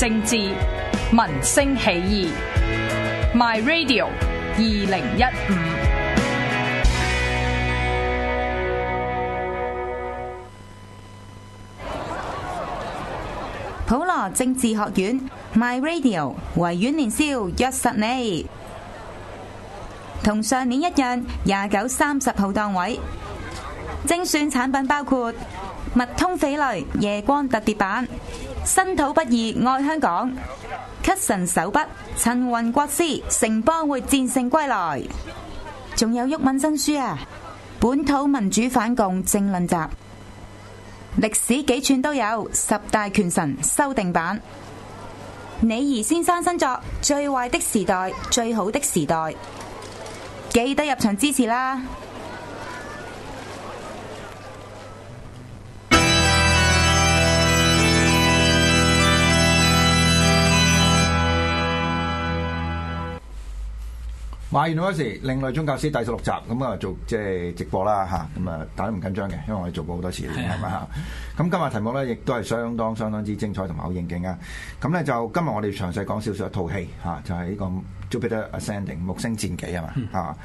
政治民聲起義，My Radio 二零一五，普羅政治學院 My Radio 維園年宵約實你，同上年一樣廿九三十號檔位，精選產品包括麥通匪類夜光特別版。身土不二愛香港，屈神手筆，陳雲國師，城邦會戰勝歸來。仲有毓民新書啊，本土民主反共政論集，歷史幾串都有，十大權神修訂版，李儀先生新作《最壞的時代》《最好的時代》，記得入場支持啦！My University，另類宗教史第十六集，咁、嗯、我做即係直播啦嚇，咁啊大家唔緊張嘅，因為我哋做過好多次啦，係嘛？咁 今日題目咧，亦都係相當相當之精彩同埋好應景啊！咁咧就今日我哋詳細講少少一套戲嚇、啊，就係、是、呢個 Jupiter Ascending 木星戰記啊嘛嚇。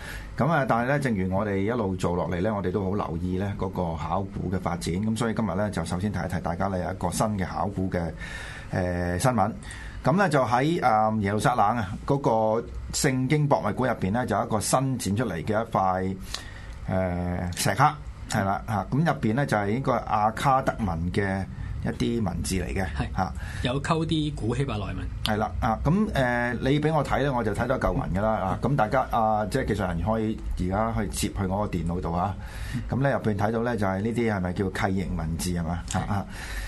咁 啊，但係咧，正如我哋一路做落嚟咧，我哋都好留意咧嗰、那個考古嘅發展，咁、啊、所以今日咧就首先提一提大家咧有一個新嘅考古嘅誒新聞。咁咧就喺啊耶路撒冷啊嗰個聖經博物館入邊咧，就有、是、一個新展出嚟嘅一塊誒石刻，係啦嚇，咁入邊咧就係一個阿卡德文嘅。一啲文字嚟嘅，嚇有溝啲古希伯來文。係啦，啊咁誒、呃，你俾我睇咧，我就睇到嚿雲噶啦，啊咁大家啊，即係技術人員可以而家去接去我個電腦度啊，咁咧入邊睇到咧就係呢啲係咪叫楔形文字係嘛，嚇嚇，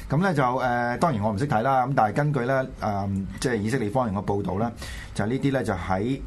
咁、啊、咧就誒、呃，當然我唔識睇啦，咁但係根據咧誒、呃，即係以色列方面嘅報導咧，就是、呢啲咧就喺、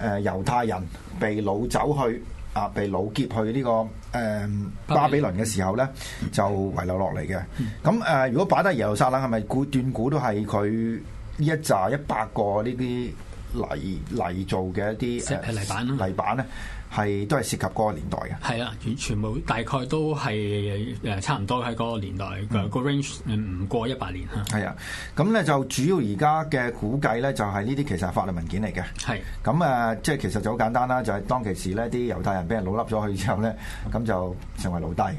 是、誒猶太人被擄走去。啊！被擄劫去呢、這個誒、呃、巴比倫嘅時候咧，嗯、就遺留落嚟嘅。咁誒、嗯呃，如果擺得耶路撒冷，係咪古斷估都係佢一拃一百個呢啲泥泥做嘅一啲石皮泥板咧？係都係涉及嗰個年代嘅，係啊，全全部大概都係誒差唔多喺嗰個年代嘅、嗯、個 range 唔過一百年、嗯、啊。係啊，咁咧就主要而家嘅估計咧，就係呢啲其實係法律文件嚟嘅。係咁誒，即係其實就好簡單啦，就係、是、當其時咧，啲猶太人俾人老笠咗去之後咧，咁就成為奴隸。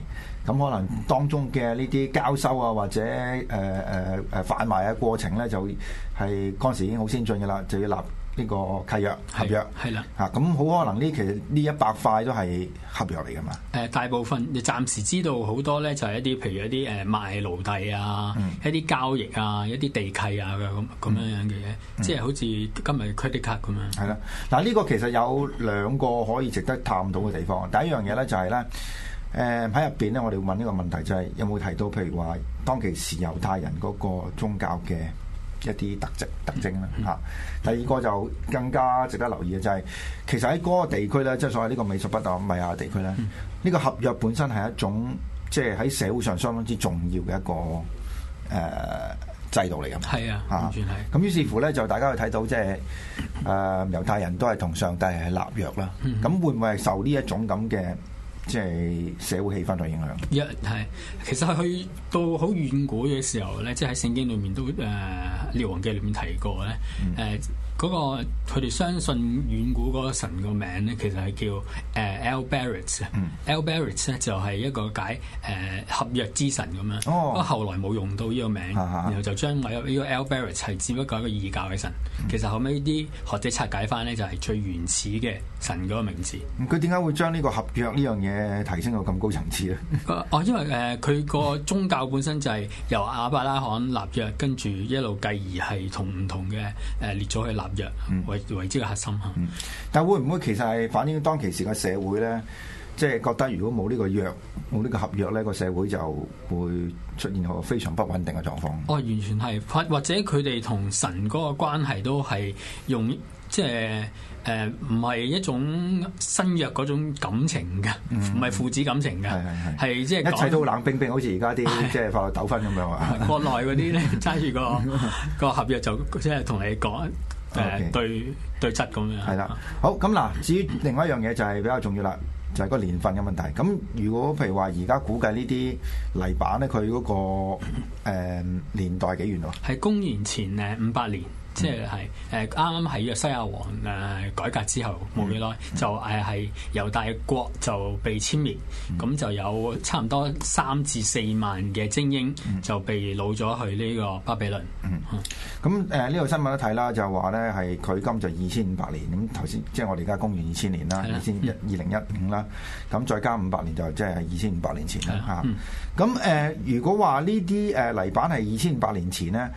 咁可能當中嘅呢啲交收啊，或者誒誒誒販賣嘅過程咧，就係嗰陣時已經好先進嘅啦，就要立。呢個契約是合約係啦，吓，咁好的可能呢？其實呢一百塊都係合約嚟㗎嘛。誒、呃，大部分你暫時知道好多咧，就係一啲譬如一啲誒賣奴隸啊，嗯、一啲交易啊，一啲地契啊嘅咁咁樣樣嘅嘢，即係好似今日 credit card 咁樣。係啦、嗯，嗱呢個其實有兩個可以值得探討嘅地方。第一樣嘢咧就係、是、咧，誒喺入邊咧，面我哋會問呢個問題，就係有冇提到譬如話當其時猶太人嗰個宗教嘅。一啲特質特徵啦嚇、啊，第二個就更加值得留意嘅就係、是，其實喺嗰個地區咧，即、就、係、是、所謂呢個美索不達米亞地區咧，呢、嗯、個合約本身係一種即係喺社會上相當之重要嘅一個誒、呃、制度嚟㗎。係啊嚇，咁、啊、於是乎咧，就大家會睇到即係誒猶太人都係同上帝係立約啦。咁、嗯、會唔會係受呢一種咁嘅？即係社會氣氛對影響，一係、yeah, 其實去到好遠古嘅時候咧，即係喺聖經裡面都誒《列、呃、王記》裡面提過咧，誒、mm. 呃。嗰個佢哋相信遠古嗰個神個名咧，其實係叫誒 El Barret、嗯、El Barret 咧就係一個解誒、呃、合約之神咁樣。哦，不過後來冇用到呢個名，嗯、然後就將呢個 El Barret 係只不過一個異教嘅神。嗯、其實後尾啲學者拆解翻咧，就係最原始嘅神嗰個名字。佢點解會將呢個合約呢樣嘢提升到咁高層次咧？哦，因為誒佢個宗教本身就係由亞伯拉罕立約，跟住一路繼而係同唔同嘅誒列咗去立。合約，為為之嘅核心吓、嗯嗯。但會唔會其實係反映當其時嘅社會咧？即、就、係、是、覺得如果冇呢個約，冇呢個合約咧，個社會就會出現一個非常不穩定嘅狀況。哦，完全係或或者佢哋同神嗰個關係都係用即係誒、唔、就、係、是呃、一種新約嗰種感情嘅，唔係、嗯、父子感情嘅，係即係一切都冷冰冰，好似而家啲即係法律糾紛咁樣啊！國內嗰啲咧揸住個個 合約就即係同你講。誒對 Okay. 對質咁樣，係啦。好咁嗱，至於另外一樣嘢就係比較重要啦，就係、是、個年份嘅問題。咁如果譬如話而家估計呢啲泥板咧，佢嗰、那個、嗯、年代幾遠喎、啊？係公元前誒五百年。即係，誒啱啱係約西亞王誒改革之後冇幾耐，mm. 就誒係由大國就被殲滅，咁、mm. 就有差唔多三至四萬嘅精英就被擄咗去呢個巴比倫。Mm. 嗯，咁誒、uh, 呢個新聞都睇啦，就話咧係距今就二千五百年，咁頭先即係我哋而家公元二千年啦，二千一二零一五啦，咁 2015,、mm. 再加五百年就即係二千五百年前啦嚇。咁誒的， 如果話呢啲誒泥板係二千五百年前咧？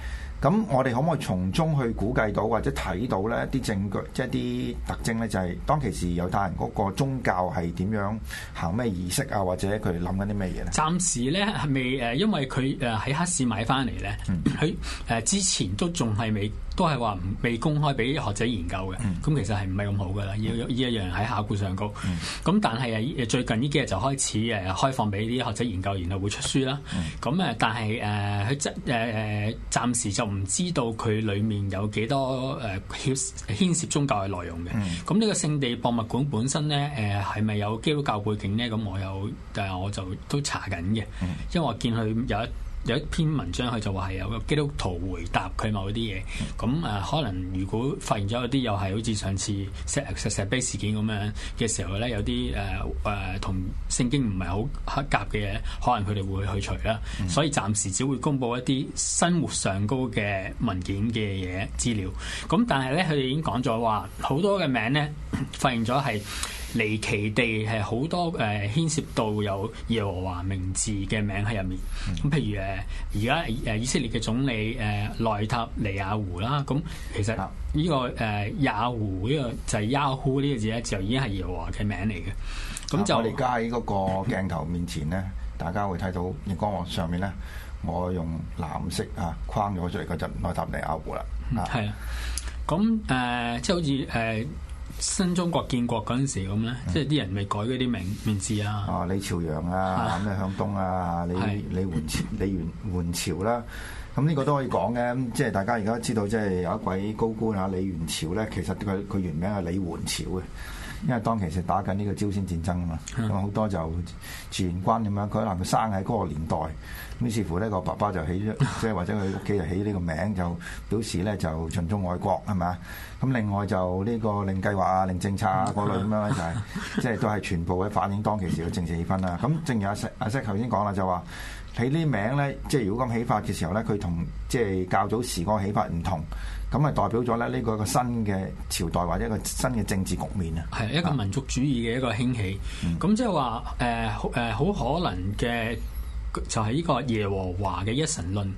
咁我哋可唔可以從中去估計到或者睇到咧啲證據，即係啲特徵咧，就係當其時猶太人嗰個宗教係點樣行咩儀式啊，或者佢諗緊啲咩嘢咧？暫時咧係咪誒，因為佢誒喺黑市買翻嚟咧，佢誒、嗯、之前都仲係未。都係話未公開俾學者研究嘅，咁、嗯、其實係唔係咁好噶啦？要呢一樣喺考古上高，咁、嗯、但係啊，最近呢幾日就開始誒開放俾啲學者研究，然後會出書啦。咁誒、嗯，但係誒佢暫誒誒暫時就唔知道佢裡面有幾多誒、呃、牽涉宗教嘅內容嘅。咁呢、嗯、個聖地博物館本身咧誒係咪有基督教背景咧？咁我有，但、呃、係我就都查緊嘅，因為我見佢有一。有一篇文章佢就話係有個基督徒回答佢某啲嘢，咁誒、嗯、可能如果發現咗有啲又係好似上次石石石碑事件咁樣嘅時候咧，有啲誒誒同聖經唔係好合夾嘅嘢，可能佢哋會去除啦，嗯、所以暫時只會公佈一啲生活上高嘅文件嘅嘢資料，咁但係咧佢哋已經講咗話好多嘅名咧發現咗係。離奇地係好多誒牽涉到有耶和華名字嘅名喺入面，咁、嗯、譬如誒而家誒以色列嘅總理誒內塔尼亞胡啦，咁其實呢、呢個誒、啊呃、亞胡呢個就係亞胡呢個字咧，就已經係耶和華嘅名嚟嘅。咁就、啊、我哋而家喺嗰個鏡頭面前咧，嗯、大家會睇到螢光王上面咧，我用藍色啊框咗出嚟，嗰就內塔尼亞胡啦。係、嗯、啊，咁誒即係好似誒。新中國建國嗰陣時咁咧，嗯、即係啲人未改嗰啲名名字啊，啊李朝陽啊，咁啊 向東啊，李李援 李元援朝，朝啦，咁呢個都可以講嘅。即係大家而家知道，即係有一位高官啊李源潮咧，其實佢佢原名係李援朝嘅。因為當其時打緊呢個朝鮮戰爭啊嘛，咁好的多就自然關咁樣，佢可能生喺嗰個年代，咁似乎呢個爸爸就起咗，即係或者佢屋企就起呢個名，就表示咧就盡忠愛國係咪啊？咁另外就呢、這個令計劃啊、令政策啊嗰類咁樣就係、是，即、就、係、是、都係全部喺反映當其時嘅政治氣氛啦。咁正如阿石阿石頭先講啦，就話。起呢啲名咧，即係如果咁起法嘅時候咧，佢同即係較早時個起法唔同，咁係代表咗咧呢個一個新嘅朝代或者一個新嘅政治局面啊。係一個民族主義嘅一個興起，咁即係話誒誒好可能嘅。就係呢個耶和華嘅一神論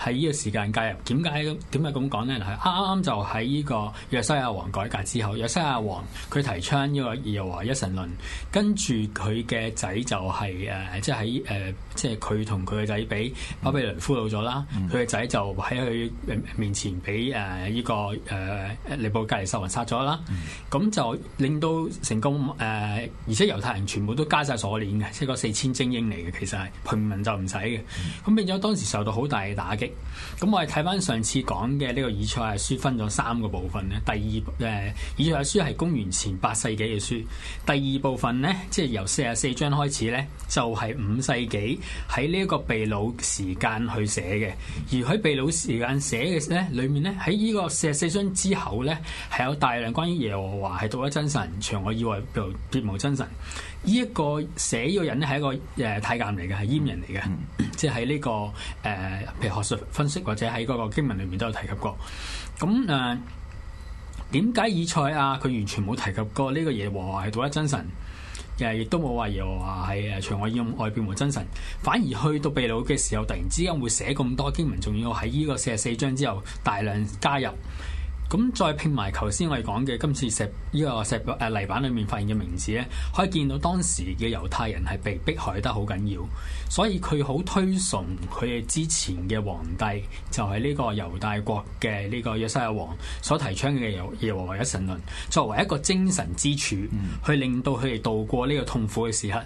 喺呢個時間介入，點解點解咁講咧？嗱，係啱啱就喺、是、呢個約西亞王改革之後，約西亞王佢提倡呢個耶和華一神論，跟住佢嘅仔就係、是、誒、呃，即係喺誒，即係佢同佢嘅仔俾巴比倫俘虜咗啦，佢嘅仔就喺佢面前俾誒呢個誒尼布甲尼撒王殺咗啦，咁、嗯、就令到成功誒、呃，而且猶太人全部都加晒鎖鏈嘅，即係個四千精英嚟嘅，其實係就唔使嘅，咁、 嗯、變咗當時受到好大嘅打擊。咁我哋睇翻上次講嘅呢個《以賽亞》書，分咗三個部分咧。第二，誒，《以賽亞》書係公元前八世紀嘅書。第二部分咧，即係由四十四章開始咧，就係、是、五世紀喺呢一個被擄時間去寫嘅。而喺被擄時間寫嘅咧，裏面咧喺呢個四十四章之後咧，係有大量關於耶和華係獨一真神，除我以外就別無真神。呢一個寫呢個人咧，係一個誒太監嚟嘅，係閹人嚟嘅，即係喺呢個誒、呃、譬如學術分析或者喺嗰個經文裏面都有提及過。咁誒點解以賽亞佢完全冇提及過呢個耶和華係獨一真神，又亦都冇話耶和華係誒除我以外別無真神，反而去到被擄嘅時候突然之間會寫咁多經文，仲要喺呢個四十四章之後大量加入。咁再拼埋，頭先我哋講嘅今次石呢個石誒泥板裏面發現嘅名字咧，可以見到當時嘅猶太人係被迫害得好緊要，所以佢好推崇佢哋之前嘅皇帝，就係、是、呢個猶大國嘅呢個約西亞王所提倡嘅耶和華一神論，作為一個精神支柱，去令到佢哋度過呢個痛苦嘅時刻。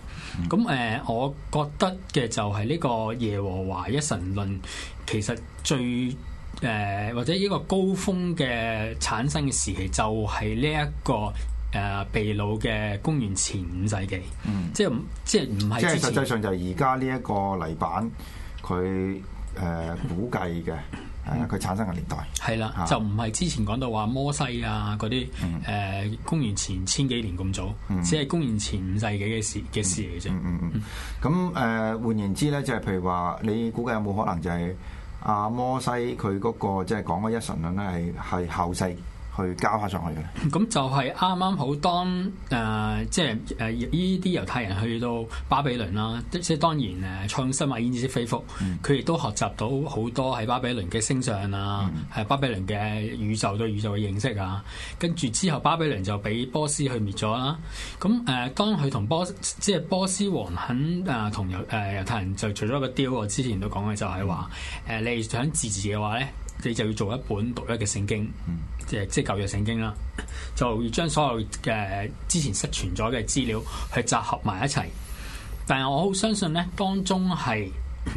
咁誒、嗯，我覺得嘅就係呢個耶和華一神論其實最。誒或者呢個高峰嘅產生嘅時期，就係呢一個誒秘魯嘅公元前五世紀，嗯、即係即係唔係？即係實際上就係而家呢一個泥板佢誒、呃、估計嘅，誒佢、嗯、產生嘅年代係啦，了啊、就唔係之前講到話摩西啊嗰啲誒公元前千幾年咁早，嗯、只係公元前五世紀嘅事嘅事嚟啫。咁誒換言之咧，就係譬如話，你估計有冇可能就係、是？阿、啊、摩西佢嗰、那個即係講嘅一神論咧，係係後世。去交翻上去嘅，咁就係啱啱好，當誒、呃、即係誒依啲猶太人去到巴比倫啦，即係當然誒創新啊，焉知非福，佢亦、嗯、都學習到好多喺巴比倫嘅星象啊，係巴比倫嘅宇宙對宇宙嘅認識啊。跟住之後，巴比倫就俾波斯去滅咗啦。咁、啊、誒，當佢同波即係波斯王肯誒同、啊、猶誒猶、啊啊、太人就除咗個 deal 我之前都講嘅就係話誒，你想自治嘅話咧。你就要做一本獨一嘅聖經，即即舊約聖經啦，就要將所有嘅之前失傳咗嘅資料去集合埋一齊。但係我好相信咧，當中係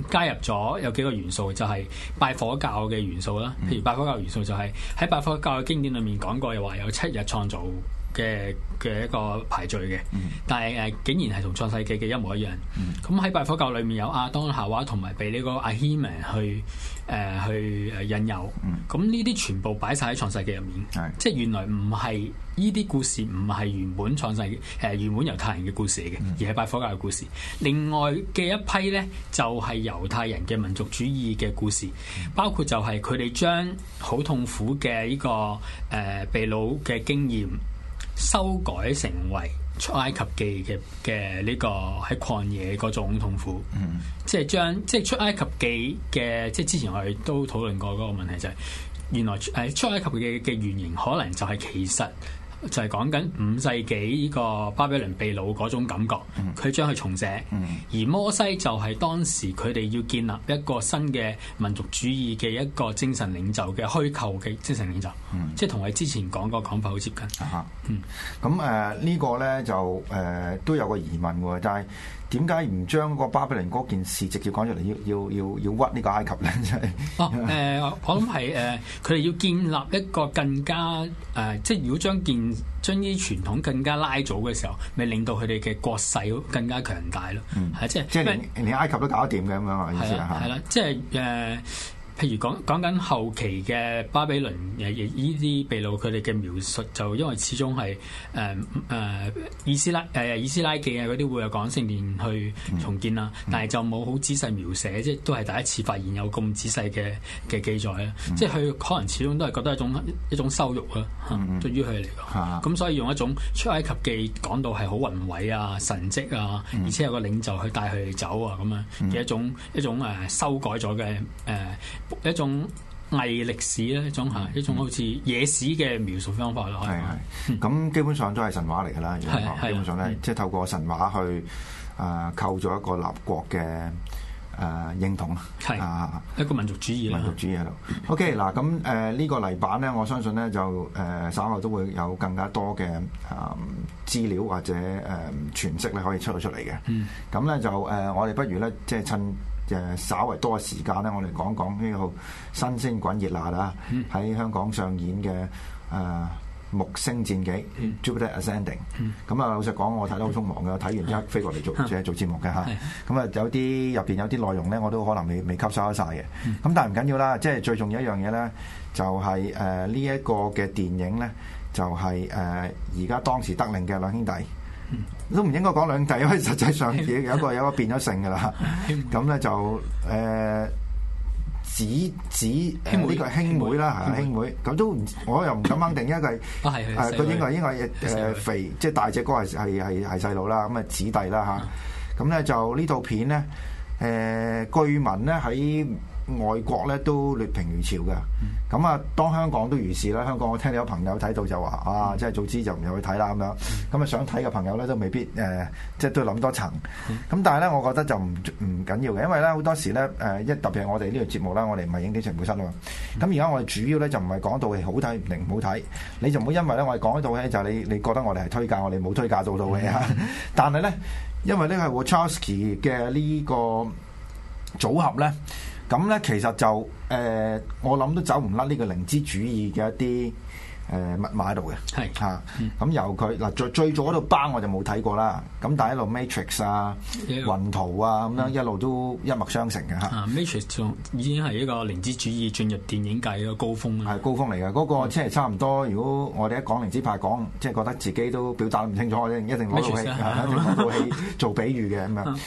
加入咗有幾個元素，就係拜火教嘅元素啦。譬如拜火教元素就係喺拜火教嘅經典裏面講過，又話有七日創造。嘅嘅一個排序嘅，但係誒竟然係同創世記嘅一模一樣。咁喺拜火教裏面有亞當夏娃同埋被呢個阿希曼去誒去引誘。咁呢啲全部擺晒喺創世記入面，即係原來唔係呢啲故事唔係原本創世誒原本猶太人嘅故事嚟嘅，而係拜火教嘅故事。另外嘅一批咧就係猶太人嘅民族主義嘅故事，包括就係佢哋將好痛苦嘅呢個誒被擄嘅經驗。修改成為出埃及記嘅嘅呢個喺曠野嗰種痛苦，即係將即係出埃及記嘅，即係之前我哋都討論過嗰個問題就係，原來誒出埃及記嘅原型可能就係其實。就係講緊五世紀呢個巴比倫被擄嗰種感覺，佢將佢重寫，嗯、而摩西就係當時佢哋要建立一個新嘅民族主義嘅一個精神領袖嘅虛構嘅精神領袖，即係同我哋之前講個講法好接近。啊、嗯，咁誒、啊這個、呢個咧就誒、嗯、都有個疑問喎，就係點解唔將個巴比倫嗰件事直接講出嚟，要要要要屈呢個埃及咧？哦、 啊，誒、呃、我諗係誒佢哋要建立一個更加誒，即、啊、係如果將建將啲傳統更加拉早嘅時候，咪令到佢哋嘅國勢更加強大咯。嗯，係即係是，為即係連，連埃及都搞得掂嘅咁樣啊，的意思啊，係啦，即係誒。呃譬如講講緊後期嘅巴比倫誒呢啲秘錄，佢哋嘅描述就因為始終係誒誒以斯拉誒、呃、以斯拉記啊嗰啲會有講聖殿去重建啦，嗯、但係就冇好仔細描寫，即係都係第一次發現有咁仔細嘅嘅記載啊！嗯、即係佢可能始終都係覺得一種一種羞辱啊，對於佢嚟講。咁、嗯、所以用一種出埃及記講到係好宏偉啊神跡啊，而且有個領袖去帶佢哋走啊咁樣嘅一種一種誒修改咗嘅誒。嗯嗯嗯一種偽歷史咧，一種係一種好似野史嘅描述方法咯，係係。咁基本上都係神話嚟噶啦，的基本上咧，的即係透過神話去誒構造一個立國嘅誒認同啊，一個民族主義民族主義喺度。OK，嗱咁誒呢個泥板咧，我相信咧就誒、呃、稍後都會有更加多嘅誒、呃、資料或者誒詮、呃、釋咧可以出到出嚟嘅。咁咧、嗯、就誒、呃、我哋不如咧即係趁。誒稍為多嘅時間咧，我哋講講呢套新鮮滾熱辣啦、啊，喺、mm. 香港上演嘅誒、呃《木星戰紀》《mm. Jupiter Ascending》。咁、mm. 啊、嗯，老實講，我睇得好匆忙嘅，睇完之後飛過嚟做即係、mm. 做節目嘅嚇。咁啊，有啲入邊有啲內容咧，我都可能未未吸收得曬嘅。咁、啊、但係唔緊要啦，即係最重要一樣嘢咧，就係誒呢一個嘅電影咧，就係誒而家當時得令嘅兩兄弟。 都唔應該講兩弟，因為實際上有一個有一個變咗性嘅啦。咁咧就誒、呃、子子兄呢個兄妹啦嚇，兄妹。咁都唔，我又唔敢肯定，因為啊係啊個應該應該誒、呃、肥， 即係大隻哥係係係係細佬啦。咁啊子弟啦嚇。咁、啊、咧就、呃、據呢套片咧誒據聞咧喺外國咧都劣評如潮嘅，咁、嗯、啊，當香港都如是啦。香港我聽有朋友睇到就話啊，即係早知就唔入去睇啦咁樣。咁啊、嗯嗯，想睇嘅朋友咧都未必誒、呃，即係都諗多層。咁、嗯、但係咧，我覺得就唔唔緊要嘅，因為咧好多時咧誒，一、呃、特別我哋呢個節目啦，我哋唔係影啲情報室啊。咁而家我哋主要咧就唔係講到戲好睇唔定唔好睇，你就唔好因為咧我係講到戲就你你覺得我哋係推介，我哋冇推介到到嘅。啊、 但係咧，因為咧係 Wachowski 嘅呢個組合咧。咁咧， 其實就誒、呃，我諗都走唔甩呢個靈知主義嘅一啲誒密碼喺度嘅。係嚇、嗯、咁、啊、由佢嗱，最最早嗰套包我就冇睇過啦。咁但係一路 Matrix 啊、雲圖啊咁樣一路都一脈相承嘅嚇。Matrix 已經係一個靈知主義進入電影界嘅高峰啦。嗯、高峯嚟嘅。嗰、嗰個即係差唔多。如果我哋一靈講靈知派，講即係覺得自己都表達唔清楚，我哋一定攞套戲， 一定攞套 做比喻嘅咁樣。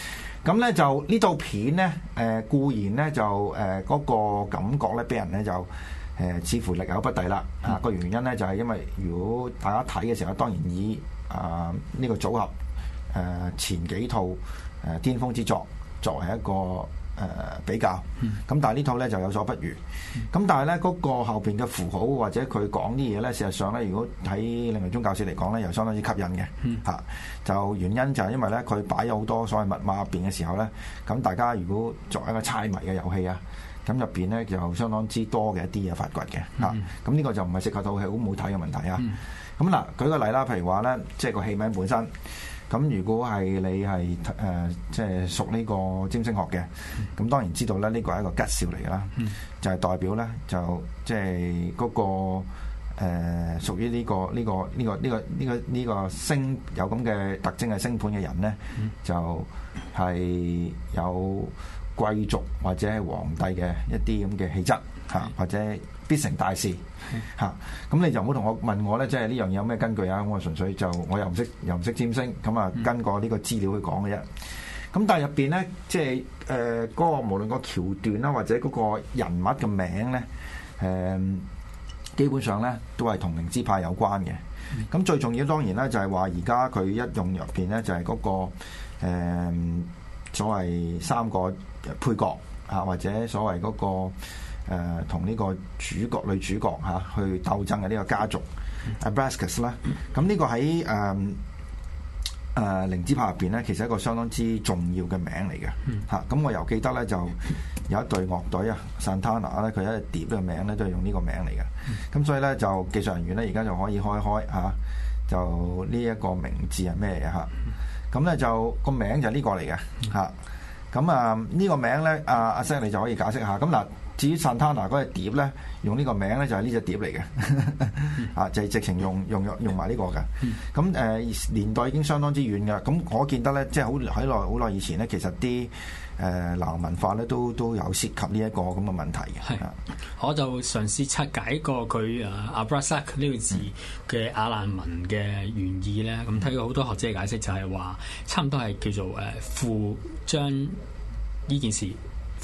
咁咧 就呢套片咧，誒、呃、固然咧就誒嗰、呃這個感覺咧，俾人咧就誒似乎力有不逮啦。啊個原因咧就係、是、因為如果大家睇嘅時候，當然以啊呢、呃這個組合誒、呃、前幾套誒巔峰之作作為一個。誒、呃、比較，咁但係呢套咧就有所不如，咁但係咧嗰個後邊嘅符號或者佢講啲嘢咧，事實上咧，如果睇另類宗教史嚟講咧，又相當之吸引嘅，嚇、啊、就原因就係因為咧佢擺咗好多所謂密碼入邊嘅時候咧，咁大家如果作一個猜謎嘅遊戲啊，咁入邊咧就相當之多嘅一啲嘢發掘嘅，嚇，咁呢個就唔係涉及到戲好唔好睇嘅問題啊，咁、啊、嗱舉個例啦，譬如話咧，即、就、係、是、個戲名本身。咁如果係你係誒，即係屬呢個占星學嘅，咁當然知道啦。呢個係一個吉兆嚟㗎喇，就係代表咧，就即係嗰個誒屬於呢個呢個呢個呢個呢個呢個星有咁嘅特徵嘅星盤嘅人咧，就係有貴族或者係皇帝嘅一啲咁嘅氣質嚇，或者。成大事嚇，咁你就唔好同我問我咧，即係呢樣嘢有咩根據啊？我純粹就我又唔識又唔識占星，咁啊，根據呢個資料去講嘅啫。咁但係入邊咧，即係誒嗰個無論個橋段啦，或者嗰個人物嘅名咧，誒基本上咧都係同靈知派有關嘅。咁最重要當然啦就係話而家佢一用入邊咧就係嗰個誒所謂三個配角嚇，或者所謂嗰個。誒、呃、同呢個主角女主角嚇、啊、去鬥爭嘅呢個家族，Abraxas 啦。咁呢、嗯啊、個喺誒誒靈知派入邊咧，其實一個相當之重要嘅名嚟嘅嚇。咁、嗯、我又記得咧，就有一隊樂隊 Santana，啊，Santana 呢，佢一碟嘅名咧都係用呢個名嚟嘅。咁、嗯啊、所以咧就技術人員咧而家就可以開開嚇、啊，就呢一個名字係咩嘢嚇？咁咧就個名就呢個嚟嘅嚇。咁啊呢個名咧，阿阿 Sir 你就可以解釋下咁嗱。啊啊啊啊啊啊至於薩塔那嗰隻碟咧，用呢個名咧就係呢隻碟嚟嘅，啊、嗯、 就係直情用用用用埋呢個嘅。咁誒、嗯呃、年代已經相當之遠嘅，咁我見得咧，即係好喺耐好耐以前咧，其實啲誒流行文化咧都都有涉及呢一個咁嘅問題嘅。係，我就嘗試拆解過佢 Abraxas 呢個字嘅阿蘭文嘅原意咧。咁睇過好多學者解釋就係話，差唔多係叫做誒副將呢件事。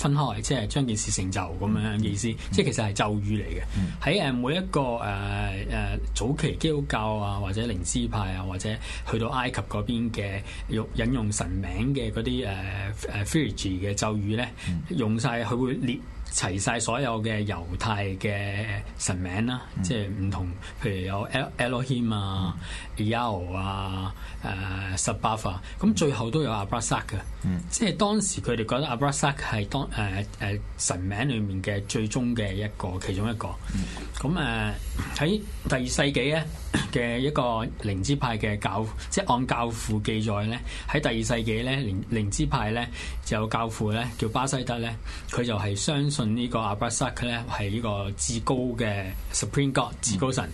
分開即係將件事成就咁樣嘅意思，嗯、即係其實係咒語嚟嘅。喺誒、嗯、每一個誒誒、uh, uh, 早期基督教啊，或者靈知派啊，或者去到埃及嗰邊嘅用引用神名嘅嗰啲誒誒 Pharisee 嘅咒語咧，嗯、用晒佢會列。齊晒所有嘅猶太嘅神名啦，嗯、即係唔同，譬如有 Elohim 啊、嗯、Elo 啊、誒、呃、Sabaoth 啊，咁最後都有阿布薩噶，即係當時佢哋覺得阿布薩係當誒誒、呃呃、神名裏面嘅最終嘅一個其中一個咁誒喺第二世紀咧嘅一個靈知派嘅教，即係按教父記載咧，喺第二世紀咧靈靈知派咧就有教父咧叫巴西德咧，佢就係相信。呢個阿巴薩克咧，係呢個至高嘅 Supreme God，至高神。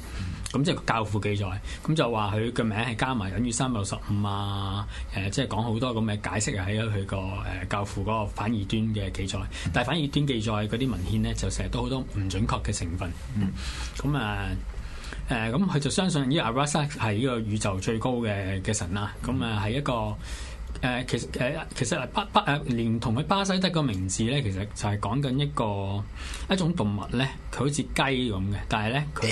咁、嗯、即係教父記載，咁就話佢嘅名係加埋等於三百六十五啊。誒，即係講好多咁嘅解釋，又喺佢個誒教父嗰個反異端嘅記載。但係反異端記載嗰啲文獻咧，就成日都好多唔準確嘅成分。嗯，咁啊、嗯，誒，咁佢就相信呢個阿巴薩克係呢個宇宙最高嘅嘅神啦。咁啊、嗯，係一個。誒、啊、其實誒、啊、其實係巴巴誒連同佢巴西得個名字咧，其實就係講緊一個一種動物咧，佢好雞似雞咁嘅，但係咧佢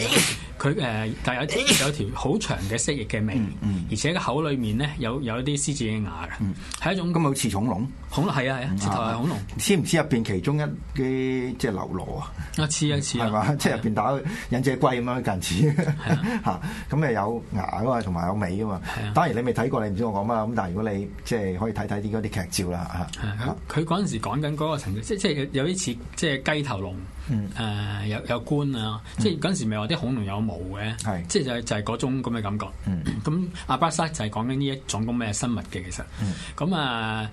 佢誒，但係有一條唉有一條好長嘅蜥蜴嘅尾，嗯嗯、而且個口裏面咧有有一啲獅子嘅牙嘅，係、嗯、一種咁好似恐龍，恐係啊係啊，似頭係恐龍，知唔知入邊其中一啲即係流羅啊？啊一啊似啊，即係入邊打引隻龜咁樣近似嚇是、啊，咁誒有牙噶嘛，同埋有尾噶嘛，係，當然你未睇過，你唔知我講乜啊，咁但係如果你。Bar 即係可以睇睇啲嗰啲劇照啦吓，佢嗰陣時講緊嗰個層次，即係即係有有啲似即係雞頭龍，誒有有冠啊，即係嗰陣時咪話啲恐龍有毛嘅，是 即係就就係嗰種咁嘅感覺。咁、嗯、阿巴薩就係講緊呢一種咁嘅生物嘅其實，咁啊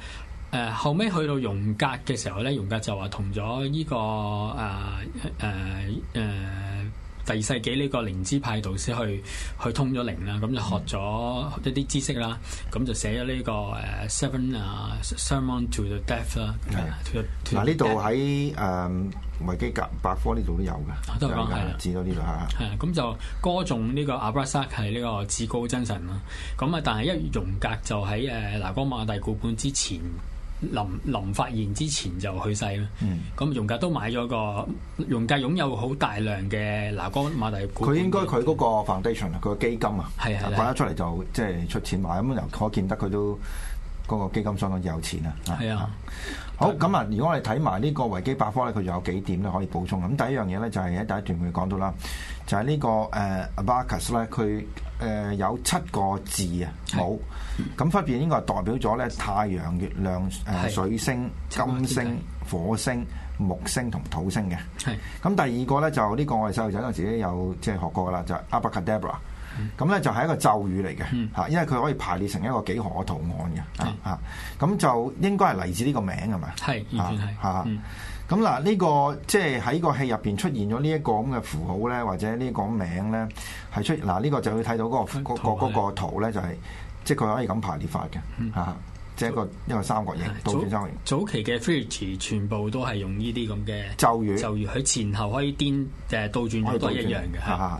誒後尾去到容格嘅時候咧，容格就話同咗呢個誒誒誒。呃呃呃第二世紀呢個靈知派導師去去通咗靈啦，咁就學咗一啲知識啦，咁就寫咗呢、這個誒、uh, Seven 啊、uh,，Sermon、erm、to the Death 啦。係啊，嗱呢度喺誒維基夾百科呢度都有嘅、啊，都講係啦，知道呢度嚇係咁就歌頌呢個阿布拉薩係呢個至高真神啦。咁啊，但係一榮格就喺誒拿戈馬大古本》之前。臨臨發現之前就去世啦。嗯，咁容格都買咗個，容格擁有好大量嘅嗱哥馬大股。佢應該佢嗰個 foundation 啊，佢個基金啊，啊，佢一出嚟就即係出錢買。咁由我見得佢都。嗰個基金相當之有錢啊！係啊、嗯，好咁啊！是如果我哋睇埋呢個維基百科咧，佢仲有幾點咧可以補充，咁第一樣嘢咧就係喺第一段會講到啦、這個，就係呢、uh, 個誒 Abacus 咧，佢誒有七個字啊，冇是。咁分別應該代表咗咧太陽、月亮、誒水星、是金星、個個火星、木星同土星嘅。係是。咁第二個咧就呢個我哋細路仔嗰陣時有即係學過啦，就 Abacadabra、是。咁咧就係一個咒語嚟嘅嚇，因為佢可以排列成一個幾何嘅圖案嘅啊。咁就應該係嚟自呢個名係嘛？係完全係嚇。咁嗱，呢個即係喺個戲入邊出現咗呢一個咁嘅符號咧，或者呢個名咧係出。嗱呢個就要睇到嗰個個個圖咧，就係即係佢可以咁排列法嘅嚇，即係一個一個三角形倒轉三角形。早期嘅 Fich 全部都係用呢啲咁嘅咒語，咒語佢前後可以顛誒倒轉咗都一樣嘅。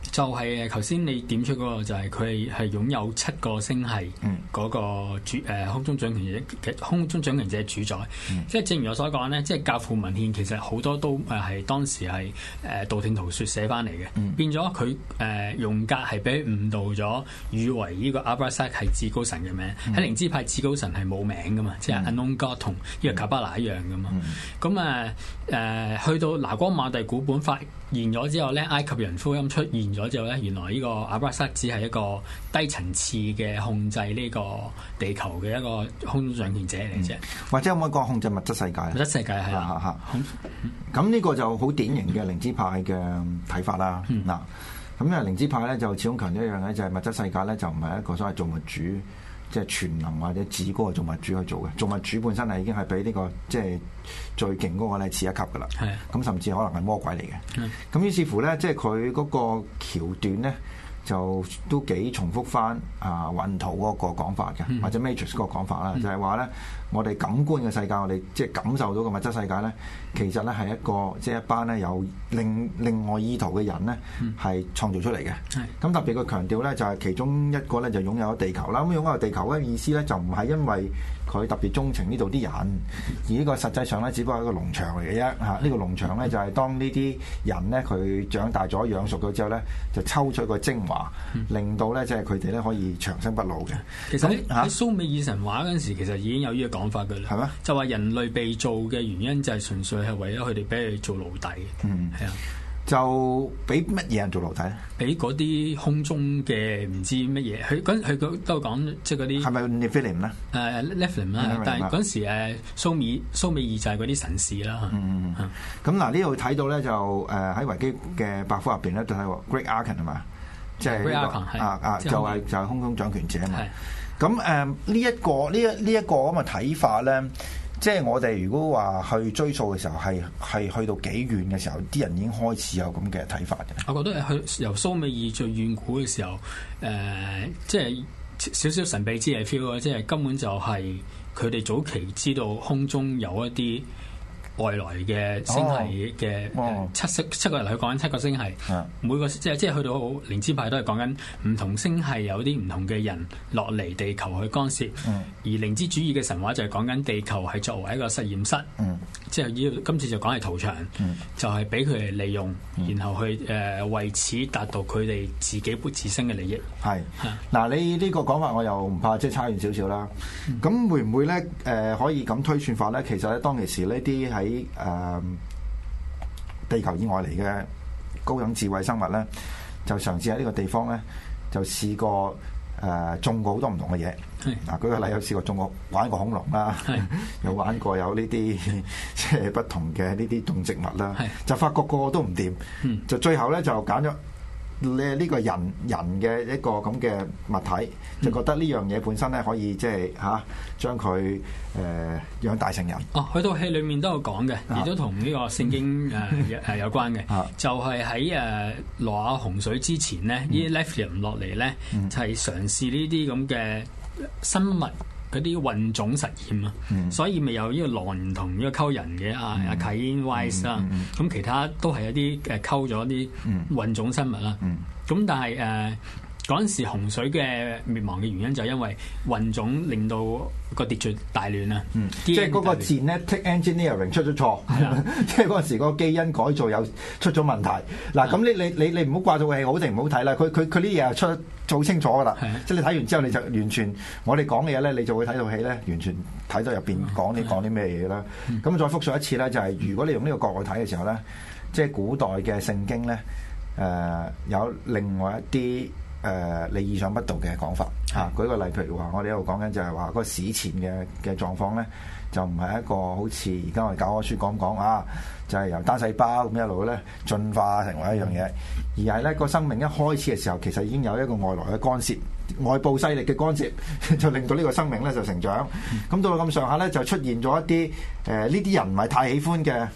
就係誒頭先你點出個就係佢係擁有七個星系嗰個主誒空中掌權者，空中掌權者主宰、嗯。即係正如我所講咧，即係教父文獻其實好多都誒係當時係誒道聽途說寫翻嚟嘅，嗯、變咗佢誒容格係俾誤導咗，以為呢個阿布拉薩係至高神嘅名。喺靈、嗯、知派至高神係冇名噶嘛，即係 unknown god 同呢個卡巴拉一樣噶嘛。咁啊誒去到拿戈馬蒂古本發現咗之後咧，埃及人福音出現咗。我就咧，原來呢個阿布拉薩只係一個低層次嘅控制呢個地球嘅一個空中掌權者嚟啫、嗯，或者可唔可以講控制物質世界？物質世界係啊，咁、啊、呢、啊、個就好典型嘅靈知派嘅睇法啦。嗱、嗯，咁啊靈知派咧就始終強一樣咧，就係、是、物質世界咧就唔係一個所謂造物主。即係全能或者至高嘅造物主去做嘅，造物主本身係已經係比呢、這個即係最勁嗰個咧次一級嘅啦。係的，咁甚至可能係魔鬼嚟嘅。咁於是，的是乎咧，即係佢嗰個橋段咧。就都幾重複翻啊，雲圖嗰個講法嘅，或者 Matrix 嗰個講法啦，嗯、就係話咧，我哋感官嘅世界，我哋即係感受到嘅物質世界咧，其實咧係一個即係、就是、一班咧有另另外意圖嘅人咧，係創造出嚟嘅。咁、嗯、特別佢強調咧，就係其中一個咧就擁有咗地球啦。咁擁有地球嘅意思咧就唔係因為，佢特別鍾情呢度啲人，而呢個實際上咧，只不過係一個農場嚟嘅啫嚇。呢、啊呢個農場咧，就係、是、當呢啲人咧，佢長大咗、養熟咗之後咧，就抽取個精華，令到咧即係佢哋咧可以長生不老嘅、嗯。其實喺、啊、蘇美爾神話嗰陣時，其實已經有呢個講法嘅啦。係咩嗎？就話人類被造嘅原因就係純粹係為咗佢哋俾佢做奴隸，嗯，係啊。就俾乜嘢人做奴隸？咧？俾嗰啲空中嘅唔知乜嘢，佢佢都講即係嗰啲係咪涅菲尼姆咧？誒、嗯，涅菲尼姆啊！但係嗰陣時誒，蘇米蘇米二就係嗰啲神士啦。咁嗱，呢度睇到咧就誒喺維基嘅百科入邊咧就係 Great Archon 係嘛？即係啊啊！就係就係、是這個、空中掌權者啊嘛。咁誒呢一個呢一呢一個咁嘅睇法咧，即係我哋如果話去追溯嘅時，時候，係係去到幾遠嘅時候，啲人已經開始有咁嘅睇法嘅。我覺得係去由蘇美爾最遠古嘅時候，誒、呃，即係少少神秘之嘅 feel 啦，即係根本就係佢哋早期知道空中有一啲。外來嘅星系嘅、哦哦、七色七個人去講緊七個星系，的每個即係即係去到靈知派都係講緊唔同星系有啲唔同嘅人落嚟地球去干涉，嗯、而靈知主義嘅神話就係講緊地球係作為一個實驗室，嗯、即係依今次就講係屠場，嗯、就係俾佢哋利用，然後去誒、呃、為此達到佢哋自己不自身嘅利益。係嗱，你呢個講法我又唔怕即係差遠少少啦。咁會唔會咧誒可以咁推算法咧？其實咧當其時呢啲喺啲誒、嗯，地球以外嚟嘅高等智慧生物咧，就嘗試喺呢個地方咧，就試過誒、呃，種過好多唔同嘅嘢。嗱是，舉個例，有試過種過玩過恐龍啦，是 有玩過有呢啲即係不同嘅呢啲動植物啦，是就發覺個個都唔掂，就最後咧就揀咗。咧呢個人人嘅一個咁嘅物體，嗯、就覺得呢樣嘢本身咧可以即係嚇將佢誒、呃、養大成人。哦、啊，去到套戲裡面都有講嘅，亦、啊、都同呢個聖經誒係、 啊、有關嘅，啊、就係喺誒挪亞洪水之前咧，嗯、呢啲 Lefroy 唔落嚟咧，嗯、就係嘗試呢啲咁嘅生物。嗰啲混種實驗、嗯、啊，所以咪有呢個狼同呢個溝人嘅啊，阿 Kayne Weiss 啦，咁其他都係一啲誒溝咗啲混一運種生物啦，咁、嗯嗯啊、但係誒。呃嗰陣時洪水嘅滅亡嘅原因就係因為混種令到個秩序大亂啦。嗯，即係嗰個字咧，genetic engineering 出咗錯，即係嗰陣時嗰個基因改造有出咗問題。嗱，咁的你你你你唔好掛住個戲好定唔好睇啦。佢佢佢啲嘢係出做清楚噶啦。的即係你睇完之後你就完全，我哋講嘢咧，你就會睇到戲咧，完全睇到入邊講你講啲咩嘢啦。咁的、嗯、再複述一次啦，就係、是、如果你用呢個角去睇嘅時候咧，即係古代嘅聖經咧，誒、呃呃、有另外一啲。誒、呃，你意想不到嘅講法嚇、啊，舉個例，譬如話，我哋一路講緊就係話，嗰、那個史前嘅嘅狀況咧，就唔係一個好似而家我哋教科書講講啊，就係、是、由單細胞咁一路咧進化成為一樣嘢，而係咧個生命一開始嘅時候，其實已經有一個外來嘅干涉，外部勢力嘅干涉，就令到呢個生命咧就成長。咁 到到咁上下咧，就出現咗一啲誒，呢、呃、啲人唔係太喜歡嘅。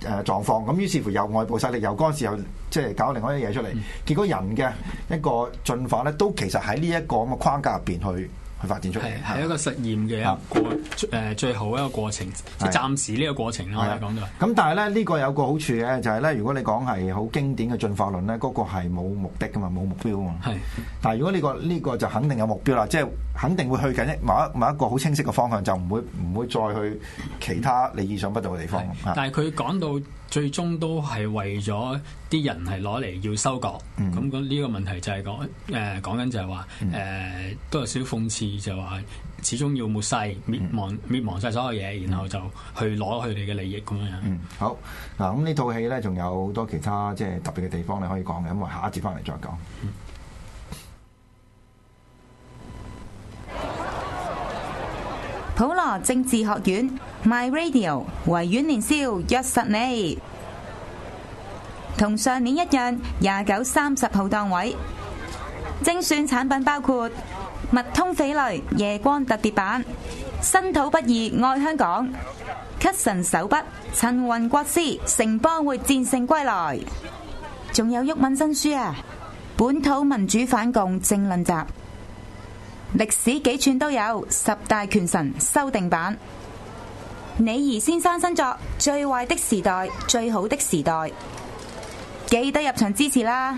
誒、呃、狀況，咁於是乎又外部勢力由又，又嗰陣時又即係搞另外一啲嘢出嚟，結果人嘅一個進化咧，都其實喺呢一個咁嘅框架入邊去。係一個實驗嘅一個誒的最好一個過程，的即係暫時呢個過程啦。係啦講到咁，但係咧呢個有個好處嘅就係咧，如果你講係好經典嘅進化論咧，嗰、那個係冇目的噶嘛，冇目標啊嘛。係的，但係如果呢、這個呢、這個就肯定有目標啦，即、就、係、是、肯定會去緊一某一某一個好清晰嘅方向，就唔會唔會再去其他你意想不到嘅地方。的的但係佢講到，最終都係為咗啲人係攞嚟要收割。咁呢、嗯、個問題就係講誒講緊就係話誒都有少少諷刺，就話、是、始終要抹晒，嗯、滅亡、滅亡曬所有嘢，然後就去攞佢哋嘅利益咁樣樣。嗯，好嗱，咁呢套戲咧，仲有好多其他即係特別嘅地方你可以講嘅，咁我下一節翻嚟再講。嗯普羅政治學院 My Radio 維園年宵約實你，同上年一樣廿九三十號檔位，精選產品包括《物通翡翠夜光特別版》、《身土不二愛香港》神、《Cuson 手筆》、《陳雲國師城邦會戰勝歸來》，仲有郁文新書啊，《本土民主反共政論集》。歷史幾寸都有，十大拳神修訂版，李怡先生新作《最壞的時代》《最好的時代》，記得入場支持啦！